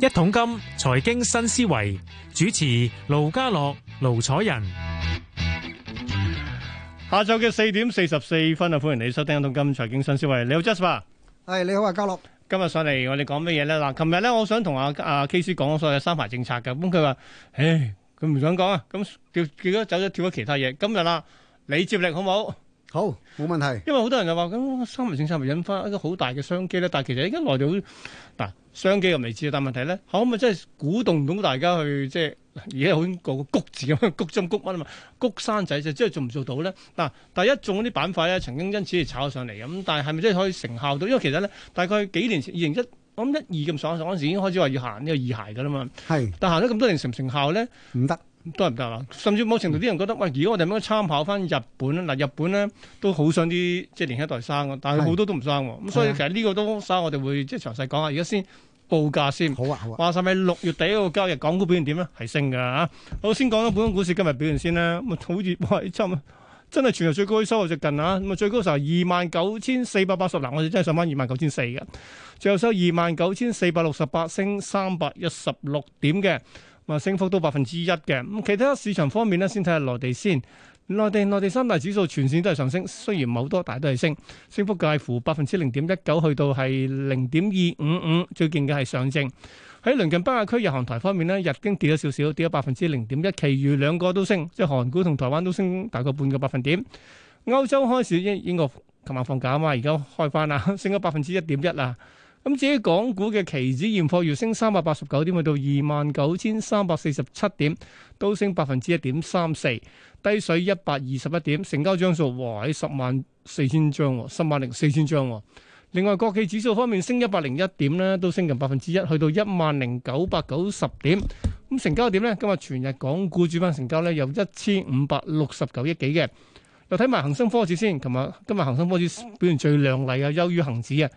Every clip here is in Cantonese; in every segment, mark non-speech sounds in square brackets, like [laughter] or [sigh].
一桶金財經新思維，主持盧家樂、盧楚仁，下晝嘅四點四十四分啊！歡迎你收聽一桶金財經新思維。你好，Jasper。係，你好啊，家樂。今日上嚟我哋講乜嘢咧？嗱，琴日咧，我想同阿阿 K 師講咗所有三孩政策嘅，咁佢話，唉，佢唔想講啊，咁跳，結果走咗跳咗其他嘢。今日啦，你接力好冇？好，冇問題。因為好多人就話咁三孩政策咪引發一個好大嘅商機咧，但係其實而家內地好嗱商機又未知啊。但係問題可唔可以真係鼓動到大家去即係而家好個谷字咁谷針谷乜啊嘛，谷生仔就真係做唔做到咧？嗱、啊，第一種嗰啲板塊咧，曾經因此係炒上嚟咁，但係係咪真係可以成效到？因為其實咧，大概幾年前二零一，2001，我諗一二咁爽是爽嗰時已經開始話要行呢個二孩噶啦嘛。係是，但行咗咁多年成唔成效咧？唔得。都係唔得啦，甚至某程度啲人覺得喂，如果我哋咁樣參考翻日本嗱、呃、日本咧都好想啲即係年輕一代生嘅，但係好多都唔生喎。咁的、嗯、所以其實呢個都生，我哋會即係詳細講下。而家先報價先。好啊，好啊。話晒咪六月底嗰個交易，港股表現點咧？係升嘅嚇。好、啊、先講咗本港股市今日表現先啦。咁啊，好似喂真係全日最高收入最近啊。咁啊，最高時候二萬九千四百八十嗱，我哋真係上翻二萬九千四嘅，最後收二萬九千四百六十八，升三百一十六點嘅。啊啊升幅都百分之一嘅。咁其他市場方面呢，先睇下內地先。內地內地三大指數全線都係上升，雖然冇多，但係都係升，升幅介乎百分之零點一九去到係零點二五五。最勁嘅係上證。喺鄰近北亞區日韓台方面呢，日經跌咗少少，跌咗百分之零點一，其餘兩個都升，即係韓股同台灣都升大概半個百分點。歐洲開始，英英國琴晚放假啊嘛，而家開翻啦，升咗百分之一點一啦。咁至於港股嘅期指現貨月升三百八十九點，去到二萬九千三百四十七點，都升百分之一點三四，低水一百二十一點，成交張數喎喺十萬四千張喎，十萬零四千張喎。另外，國企指數方面升一百零一點呢，都升近百分之一，去到一萬零九百九十點。咁成交點呢？今日全日港股主板成交呢有一千五百六十九億幾嘅，又睇埋恒生科指先，琴日今日恒生科指表現最靚麗啊，優於恒指啊。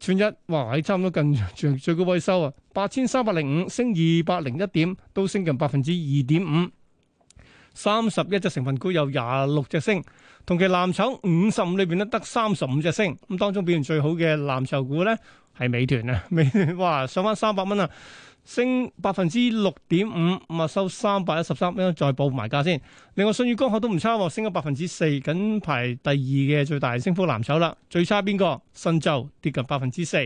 全日，哇，喺差唔多近最最高位收啊，八千三百零五，升二百零一點，都升近百分之二點五。三十一隻成分股有廿六隻升，同期藍籌五十五裏邊咧得三十五隻升。咁當中表現最好嘅藍籌股咧？係美團啊，美團哇，上返三百蚊啊，升百分之六點五，咁啊收三百一十三蚊，再報埋價先。另外，舜宇光學都唔差喎，升咗百分之四，緊排第二嘅最大升幅藍籌啦。最差邊個？新洲跌近百分之四。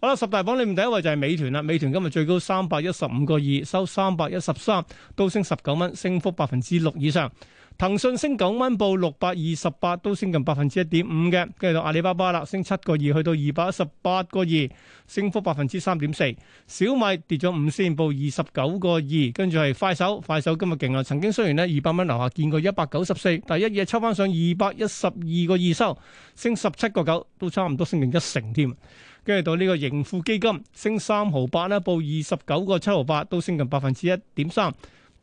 好啦，十大榜裏面第一位就係美團啦。美團今日最高三百一十五個二，收三百一十三，都升十九蚊，升幅百分之六以上。騰訊升九蚊報六百二十八，都升近百分之一點五嘅。跟住到阿里巴巴啦，升七個二去到二百一十八個二，升幅百分之三點四。小米跌咗五仙報二十九個二，跟住係快手，快手今日勁啊！曾經雖然呢二百蚊樓下見過一百九十四，但一嘢抽翻上二百一十二個二收，升十七個九，都差唔多升近一成添。跟住到呢個盈富基金，升三毫八啦，報二十九個七毫八，都升近百分之一點三。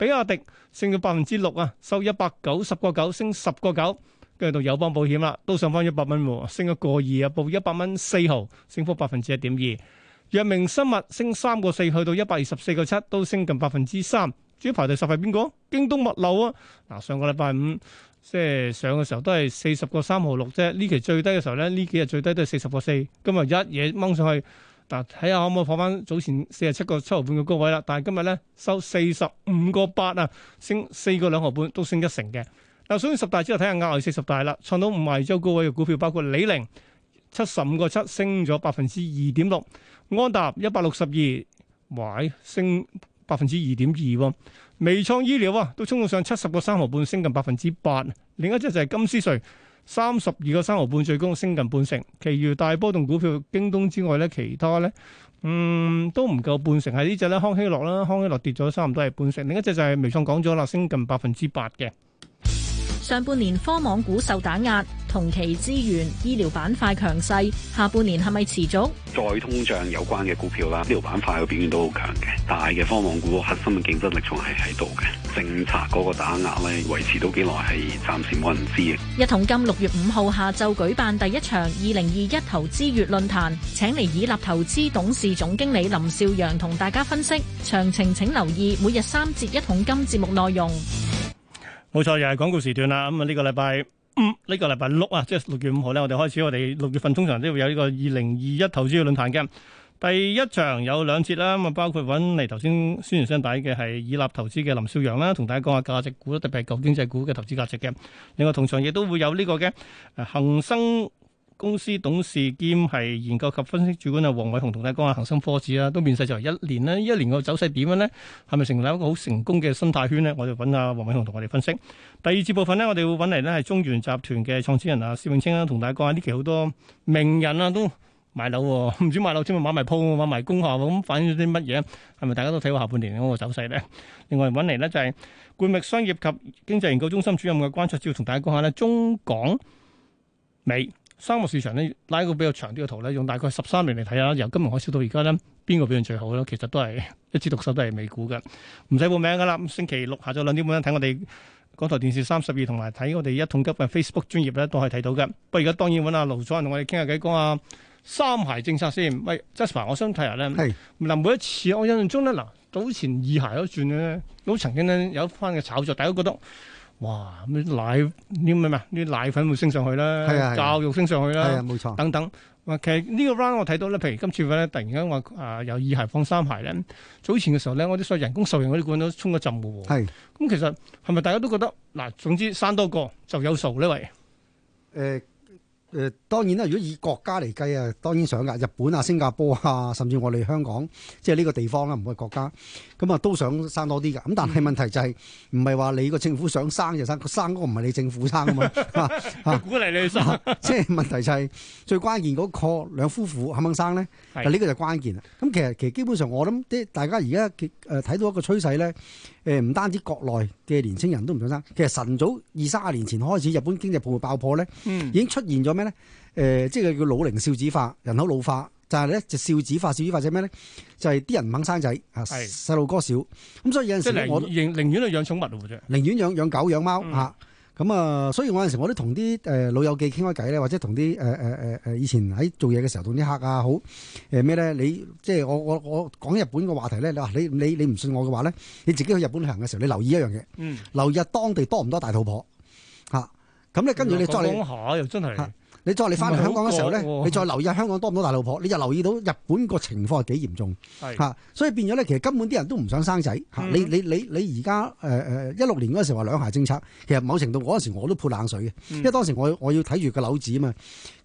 比亞迪升到百分之六啊，收一百九十個九，升十個九，跟住到友邦保險啦，都上翻一百蚊，升咗個二啊，報一百蚊四毫，升幅百分之一點二。藥明生物升三個四去到一百二十四個七，都升近百分之三。至於排第十係邊個？京東物流啊，嗱，上個禮拜五即係上嘅時候都係四十個三毫六啫，呢期最低嘅時候咧，呢幾日最低都係四十個四，今日一嘢掹上去。睇下可唔可以放翻早前四十七個七毫半嘅高位啦，但係今日咧收四十五個八啊，升四個兩毫半，都升一成嘅。但係所以十大之後睇下額外四十大啦，創到五萬周高位嘅股票包括李寧七十五個七，升咗百分之二點六；安踏一百六十二 Y 升百分之二點二；微創醫療啊，都衝到上七十個三毫半，升近百分之八。另一隻就係金斯瑞。三十二個三毫半最高升近半成，其餘大波動股票，京東之外咧，其他咧，嗯都唔夠半成。係呢隻咧康希諾啦，康希諾跌咗差唔多係半成，另一隻就係微創講咗啦，升近百分之八嘅。上半年科網股受打壓，同期資源、醫療板塊強勢，下半年係咪持續？再通脹有關嘅股票啦，醫療板塊嘅表現都好強嘅，大嘅科網股核心嘅競爭力仲係喺度嘅。政策嗰個打壓咧，維持到幾耐係暫時冇人知嘅。一桶金六月五號下晝舉辦第一場二零二一投資月論壇，請嚟以立投資董事總經理林少陽同大家分析，詳情請留意每日三節一桶金節目內容。冇錯，又係廣告時段啦。咁啊，呢個禮拜五，呢個禮拜六啊，即係六月五號咧，我哋開始我哋六月份通常都會有呢個二零二一投資嘅論壇嘅第一場，有兩節啦。咁啊，包括揾嚟頭先宣傳聲帶嘅係以立投資嘅林少陽啦，同大家講下價值股，特別係舊經濟股嘅投資價值嘅。另外，同場亦都會有呢個嘅恆生。公司董事兼係研究及分析主管啊，黃偉雄同大家講下恒生科指啦，都面世就嚟一年咧，一年個走勢點樣咧？係咪成立一個好成功嘅生態圈咧？我就揾阿黃偉雄同我哋分析。第二節部分咧，我哋會揾嚟咧係中原集團嘅創始人啊，施永青啦，同大家講下呢期好多名人啦都買樓，唔止買樓，先買埋鋪，買埋工廈咁反映咗啲乜嘢？係咪大家都睇過下半年嗰個走勢咧？另外揾嚟咧就係冠域商業及經濟研究中心主任嘅關焯照同大家講下咧，中港美。三個市場咧拉一個比較長啲嘅圖咧，用大概十三年嚟睇啦。由金融海嘯到而家咧，邊個表現最好咧？其實都係一枝獨秀，都係美股嘅，唔使報名噶啦。咁星期六下晝兩點半咧，睇我哋嗰台電視三十二，同埋睇我哋一統級嘅 Facebook 專頁咧，都可以睇到嘅。不過而家當然揾阿盧楚仁同我哋傾下偈，講下三孩政策先。喂 Jasper 我想睇下咧，嗱是每一次我印象中咧，嗱早前二孩嗰轉嘅咧，都曾經咧有一番嘅炒作，大家都覺得。哇！啲奶啲咩咩啲奶粉會升上去啦，的教育升上去啦，冇錯的，等等。其實呢個 round 我睇到咧，譬如今次咧突然間話誒由二孩放三孩咧，早前嘅時候咧我啲所謂人工受孕嗰啲股都衝咗陣嘅喎。咁的、嗯、其實係咪大家都覺得嗱？總之生多個就有數咧？喂、呃。誒。誒、呃，當然啦！如果以國家嚟計啊，當然想㗎，日本啊、新加坡啊，甚至我哋香港，即係呢個地方啦、啊，唔係國家，咁啊都想生多啲㗎。咁但係問題就係、是，唔係話你個政府想生就生，生嗰個唔係你政府生啊嘛，嚇鼓勵你生，即係問題就係、是，最關鍵嗰、那個兩夫婦肯唔肯，肯生咧？係是，呢個就關鍵啦。咁其實其實基本上，我諗啲大家而家誒睇到一個趨勢咧。誒，唔、呃、單止國內嘅年青人都唔想生，其實晨早二三十年前開始，日本經濟泡沫爆破咧，嗯、已經出現咗咩咧？誒、呃，即係叫老齡少子化，人口老化，就係咧就少子化、少子化即係咩咧？就係、是、啲人唔肯生仔啊，細路哥少，咁、嗯、所以有陣時我寧,願我,我寧寧願去養寵物咯、啊，或者寧願養養狗、養貓、嗯、啊。咁啊、嗯，所以我有陣時我都同啲誒老友記傾開偈咧，或者同啲誒誒誒誒以前喺做嘢嘅時候同啲客啊，好誒咩咧？你即係我我我講日本個話題咧，你話你你你唔信我嘅話咧，你自己去日本旅行嘅時候，你留意一樣嘢，嗯、留意下當地多唔多大肚婆嚇。咁、啊、你跟住你再、嗯、講，講下又真係。啊你再嚟翻嚟香港嘅時候咧，啊、你再留意下香港多唔多大老婆，你就留意到日本個情況係幾嚴重，嚇是，是所以變咗咧，其實根本啲人都唔想生仔。嚇、嗯，你你你你而家誒誒一六年嗰陣時話兩孩政策，其實某程度嗰陣時我都潑冷水嘅，因為當時我我要睇住、呃、個樓市嘛，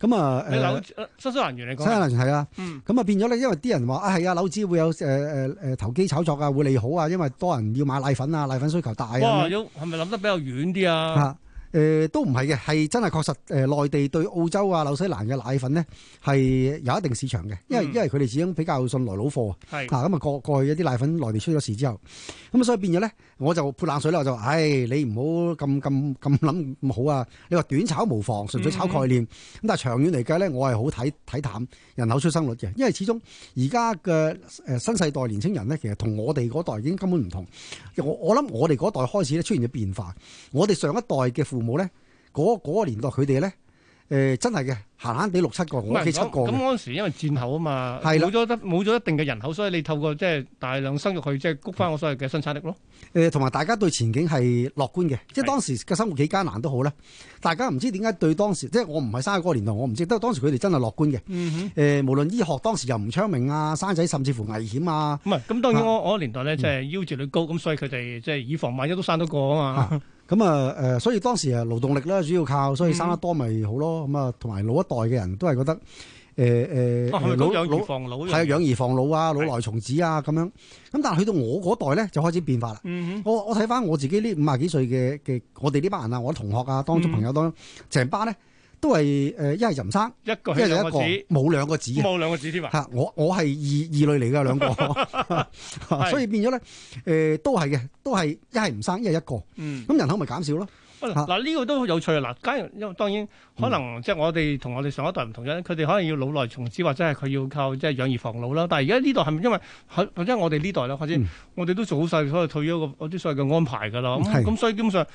咁啊，樓、嗯，新鮮人員嚟講，新鮮人員係啦，咁啊變咗咧，因為啲人話啊係啊樓市會有誒誒誒投機炒作啊，會利好啊，因為多人要買奶粉啊，奶粉需求大啊，係咪諗得比較遠啲啊？誒、呃、都唔係嘅，係真係確實誒，內地對澳洲啊、紐西蘭嘅奶粉呢係有一定市場嘅，嗯、因為因為佢哋始終比較信來佬貨是啊，係咁啊過過去一啲奶粉內地出咗事之後，咁啊所以變咗咧，我就潑冷水咧，我就話：唉、哎，你唔好咁咁咁諗好啊！你話短炒無妨，純粹炒概念。咁、嗯、但係長遠嚟計呢，我係好睇睇淡人口出生率嘅，因為始終而家嘅誒新世代年輕人呢，其實同我哋嗰代已經根本唔同。我我諗我哋嗰代開始咧出現咗變化，我哋上一代嘅父母。冇咧，嗰嗰個年代佢哋咧，誒真係嘅，閒閒地六七個，唔係幾七個。咁嗰陣時因為戰後啊嘛，係啦，冇咗得，冇咗一定嘅人口，所以你透過即係大量生育去即係谷翻我所謂嘅生產力咯。誒，同埋大家對前景係樂觀嘅，即係當時嘅生活幾艱難都好啦。大家唔知點解對當時，即係我唔係生喺嗰個年代，我唔知。但係當時佢哋真係樂觀嘅。嗯哼。誒，無論醫學當時又唔昌明啊，生仔甚至乎危險啊。唔係，咁當然我我個年代咧即係夭折率高，咁所以佢哋即係以防萬一都生得過啊嘛。咁啊，誒、呃，所以當時啊，勞動力咧，主要靠，所以生得多咪好咯，咁啊、嗯，同埋老一代嘅人都係覺得，誒、欸、誒，老、欸啊、養兒防老，係啊，養兒防老啊，老來從子啊，咁樣。咁但係去到我嗰代咧，就開始變化啦、嗯哼。我我睇翻我自己呢五十幾歲嘅嘅，我哋呢班人啊，我啲同學啊，當中朋友都，成班咧。都係誒，一係就唔生，一係就一個，冇兩個子，冇兩個子添啊！嚇，我我係異、異類嚟㗎兩個、 [laughs] 啊，所以變咗咧誒，都係嘅，都係一係唔生，一係一個。嗯，咁人口咪減少咯？嗱，呢個都有趣啊！嗱，咁因為當然可能、嗯、即係我哋同我哋上一代唔同咗，佢哋可能要老來從子，或者係佢要靠即係養兒防老啦。但係而家呢度係咪因為或者我哋呢代咧，或者我哋都做好晒所有退休個嗰啲所謂嘅安排㗎啦？咁、嗯、所以基本上。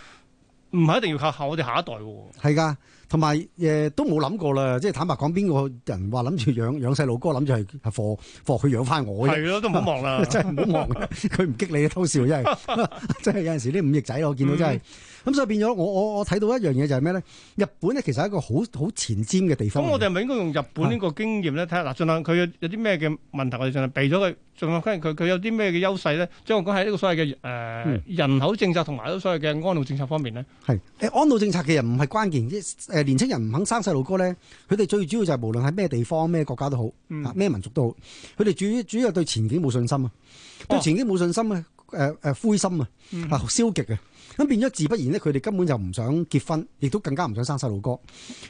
唔係一定要靠後我哋下一代喎，係㗎，同埋誒都冇諗過啦，即係坦白講，邊個人話諗住養養細路哥，諗住係係貨貨佢養翻我嘅，係咯，都唔好望啦，真係唔好望，佢唔激你嘅偷笑真係，真係有陣時啲五翼仔我見到真係。嗯。咁所以變咗，我我我睇到一樣嘢就係咩咧？日本咧其實係一個好好前瞻嘅地方。咁我哋係咪應該用日本呢個經驗咧睇下？嗱，儘量佢有有啲咩嘅問題，我哋儘量避咗佢。儘量跟佢佢有啲咩嘅優勢咧？即係我講喺呢個所謂嘅誒人口政策同埋呢個所謂嘅安老政策方面咧。係。誒安老政策其實唔係關鍵，啲誒年青人唔肯生細路哥咧，佢哋最主要就係無論喺咩地方、咩國家都好，啊咩民族都好，佢哋主主要係對前景冇信心啊，對前景冇信心啊。誒誒、呃呃、灰心啊，啊消極啊，咁、啊、變咗自不然咧，佢哋根本就唔想結婚，亦都更加唔想生細路哥。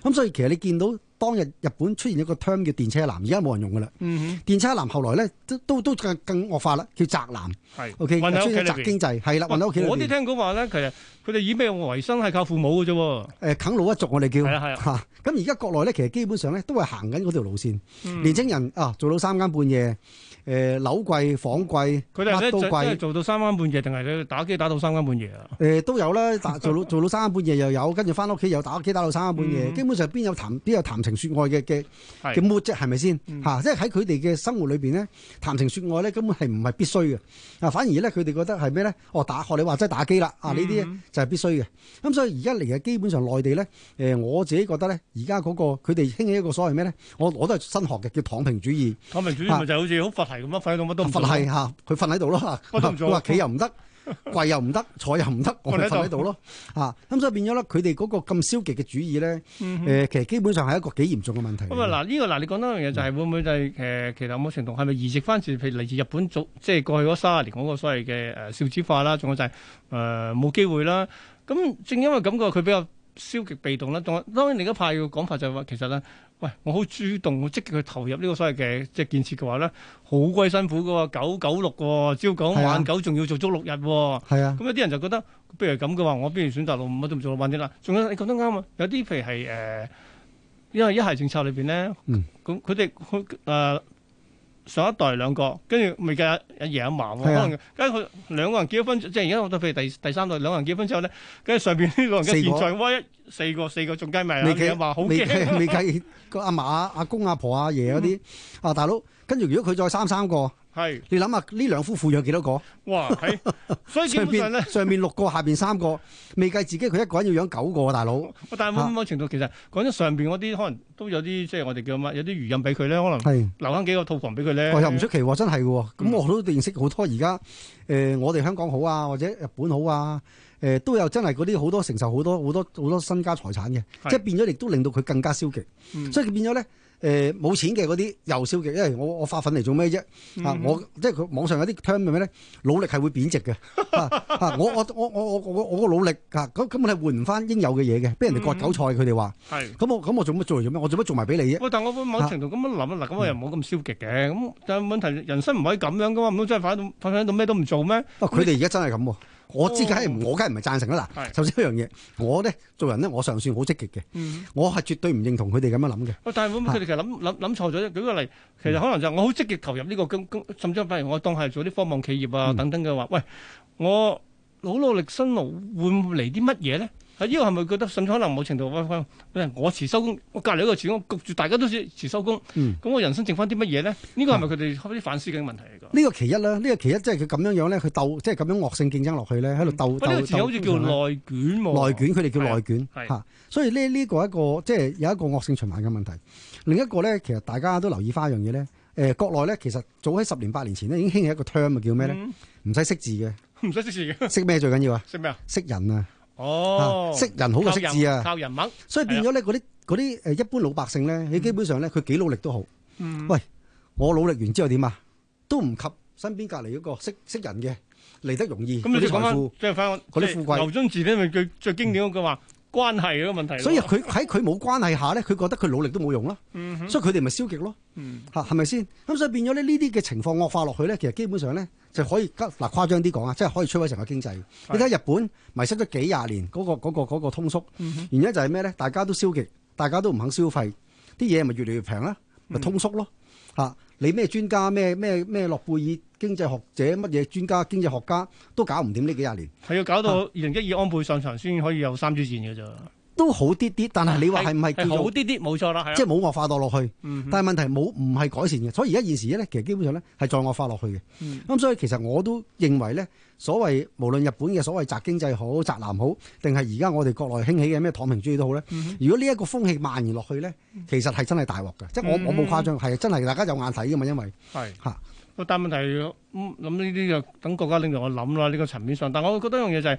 咁所以其實你見到當日日本出現一個 term 叫電車男，而家冇人用噶啦。嗯、哼電車男後來咧都都都更更惡化啦，叫宅男。係是，OK。混喺屋企裏面，宅經濟係啦，混屋企我哋聽講話咧，其實。佢哋以咩為生？係靠父母嘅啫。誒、呃，啃老一族我哋叫。係係。吓，咁而家國內咧，其實基本上咧都係行緊嗰條路線。嗯、年青人啊，做到三更半夜，誒、呃，樓貴房貴，乜都貴季。佢哋係咧做到三更半夜，定係咧打機打到三更半夜啊？誒、呃，都有啦，做做做到三更半夜又有，跟住返屋企又打機打到三更半夜。嗯、基本上邊有談邊有談情說愛嘅嘅嘅 mood 係咪先？吓、嗯啊，即係喺佢哋嘅生活裏邊咧，談情說愛咧根本係唔係必須嘅。啊，反而咧佢哋覺得係咩咧？哦，打學你話齋係打機啦啊！呢啲。嗯就係必須嘅，咁、嗯、所以而家嚟嘅基本上內地咧，誒、呃、我自己覺得咧，而家嗰個佢哋興起一個所謂咩咧，我我都係新學嘅，叫躺平主義。躺平、啊、主義咪就好似好佛系咁咯，瞓喺度乜都。佛系嚇，佢瞓喺度咯嚇。話企又唔得。跪又唔得，坐又唔得，我哋就喺度咯。吓、 [laughs] 啊，咁所以變咗咧，佢哋嗰個咁消極嘅主意咧，誒、嗯哼呃，其實基本上係一個幾嚴重嘅問題。咁啊、嗯哼，嗱，呢個嗱，你講多樣嘢就係會唔會就係、是、誒，嗯、其實有冇程度係咪移植翻住，譬如嚟自日本，即、就、係、是、過去嗰三十年嗰個所謂嘅誒少子化啦，仲有就係誒冇機會啦。咁正因為感覺佢比較消極被動啦。當當然，你而家派嘅講法就係話，其實咧。喂，我好主動，我積極去投入呢個所謂嘅即係建設嘅話咧，好鬼辛苦嘅喎，九九六喎、哦，朝九晚九仲要做足六日喎、哦。係啊，咁有啲人就覺得，不如咁嘅話，我不如選擇六五，我都唔做六晚啲啦。仲有你講得啱啊，有啲譬如係誒，因為一係政策裏邊咧，咁佢哋佢誒。上一代兩個，跟住未計阿阿爺阿嫲，可能跟住佢兩個人結咗婚，即係而家我哋譬如第第三代兩個人結婚之後咧，跟住上邊呢個人嘅現在屈一四個四個仲計未，你計及阿嫲，好未計個阿嫲阿公阿婆阿爺嗰啲、嗯、啊大佬，跟住如果佢再生三個。係，是你諗下呢兩夫婦養幾多個？哇！喺，所以基本上咧， [laughs] 上面六個，下邊三個，未計自己，佢一個人要養九個大佬。但係某某程度，啊、其實講咗上邊嗰啲，可能都有啲即係我哋叫乜，有啲餘蔭俾佢咧，可能留翻幾個套房俾佢咧。是是我又唔出奇喎，真係嘅。咁我都認識好多而家，誒、呃，我哋香港好啊，或者日本好啊。誒都有真係嗰啲好多承受好多好多好多身家財產嘅，是即係變咗亦都令到佢更加消極。嗯、所以佢變咗咧誒冇錢嘅嗰啲又消極，因為我我發奮嚟做咩啫？啊， [laughs] 啊我即係佢網上有啲聽明咩咧？努力係會貶值嘅。我我我我我我我個努力啊，咁咁係換唔翻應有嘅嘢嘅，俾人哋割韭菜，佢哋話。係。咁是我咁我做乜做嚟做咩？我做乜做埋俾你啫？喂，但我某程度咁樣諗一嗱，咁、啊、我又冇咁消極嘅，咁但係問題人生唔可以咁樣噶嘛？唔通真係瞓瞓醒到咩都唔做咩？佢哋而家真係咁喎。我之梗我梗係唔係贊成啦。嗱，首先一樣嘢，我咧做人咧，我尚算好積極嘅。嗯、哼我係絕對唔認同佢哋咁樣諗嘅。喂，但係佢哋其實諗諗諗錯咗啫。舉個例，其實可能就我好積極投入呢、呢個咁咁，甚至乎，如我當係做啲科網企業啊等等嘅話，嗯、喂，我好努力辛勞會，換嚟啲乜嘢咧？呢個係咪覺得甚至可能冇程度，我遲收工，我隔籬一個遲工焗住，大家都遲收工，咁我、嗯、人生剩翻啲乜嘢咧？呢個係咪佢哋開始反思緊問題嚟噶？呢、啊這個其一啦，呢、這個其一即係佢咁樣、就是、樣咧，佢鬥即係咁樣惡性競爭落去咧，喺度鬥鬥鬥。鬥好似叫內捲喎、啊。內捲，佢哋叫內捲。嚇、啊啊啊，所以呢呢個一個即係、就是、有一個惡性循環嘅問題。另一個咧，其實大家都留意翻一樣嘢咧。誒、呃，國內咧其實早喺十年八年前呢，已經興起一個 term，叫咩咧？唔使識字嘅，唔使識字嘅， [laughs] 識咩最緊要啊？識咩啊？識人啊！哦，識人好過識字啊，靠人脈，人猛，所以變咗咧，嗰啲啲誒一般老百姓咧，你、嗯、基本上咧佢幾努力都好，嗯、喂，我努力完之後點啊，都唔及身邊隔籬嗰個識識人嘅嚟得容易，嗰啲、嗯、富，即係翻嗰啲富貴劉遵字咧咪最最經典嗰句話，關係嗰個問題，嗯、所以佢喺佢冇關係下咧，佢覺得佢努力都冇用啦，嗯、哼所以佢哋咪消極咯。嗯，嚇，係咪先？咁所以變咗咧，呢啲嘅情況惡化落去咧，其實基本上咧就可以，嗱誇張啲講啊，即係可以摧毀成個經濟。是你睇日本迷失咗幾廿年嗰、嗰個嗰、嗰個嗰個那個、通縮，嗯、哼原因就係咩咧？大家都消極，大家都唔肯消費，啲嘢咪越嚟越平啦，咪通縮咯嚇、嗯啊。你咩專家咩咩咩諾貝爾經濟學者乜嘢專家經濟學家都搞唔掂呢幾廿年，係要搞到二零一二安倍上場先可以有三支箭嘅啫。都好啲啲，但係你話係唔係？係，係好啲啲，冇錯啦，係即係冇惡化到落去。嗯哼，但係問題冇唔係改善嘅，所以而家現時咧，其實基本上咧係再惡化落去嘅。嗯，咁所以其實我都認為咧，所謂無論日本嘅所謂宅經濟好，宅男好，定係而家我哋國內興起嘅咩躺平主義都好咧。嗯、哼如果呢一個風氣蔓延落去咧，其實係真係大鑊嘅，即係、嗯、我我冇誇張，係真係大家有眼睇噶嘛，因為係吓。個但問題諗呢啲就等國家領導我諗啦，呢個層面上。但係我覺得一樣嘢就係，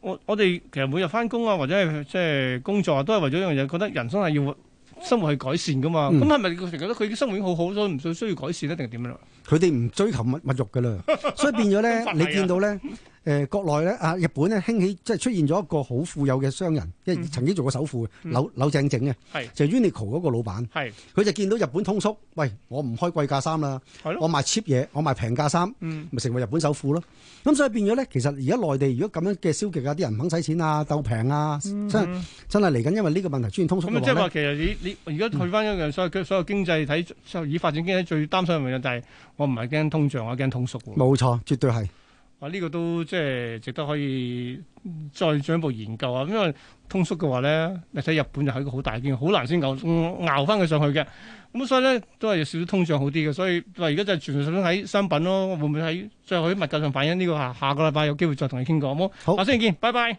我我哋其實每日翻工啊，或者係即係工作啊，都係為咗一樣嘢，覺得人生係要生活去改善噶嘛。咁係咪覺得佢啲生活已經好好，所以唔需要改善咧，定係點樣咧？佢哋唔追求物物慾嘅咧， [laughs] 所以變咗咧，啊、你見到咧。 [laughs] 誒，國內咧啊，日本咧興起即係出現咗一個好富有嘅商人，即係曾經做過首富嘅柳柳井正嘅，就 Uniqlo 嗰個老闆，佢就見到日本通縮，喂，我唔開貴價衫啦，我賣 cheap 嘢，我賣平價衫，咪成為日本首富咯。咁所以變咗咧，其實而家內地如果咁樣嘅消極啊，啲人唔肯使錢啊，鬥平啊，真係真係嚟緊，因為呢個問題出現通縮。咁即係話，其實你你而家退翻一樣，所有所有經濟體就以發展經濟最擔心嘅問題就係，我唔係驚通脹，我驚通縮嘅。冇錯，絕對係。我呢、啊呢個都即係值得可以再進一步研究啊！因為通縮嘅話咧，你睇日本就係一個好大嘅，好難先熬熬翻佢上去嘅。咁、啊、所以咧都係少少通脹好啲嘅。所以話而家就全部集中喺新品咯，會唔會喺最後喺物價上反映呢、呢個下下個禮拜有機會再同你傾過。好，好，下星期見，拜拜。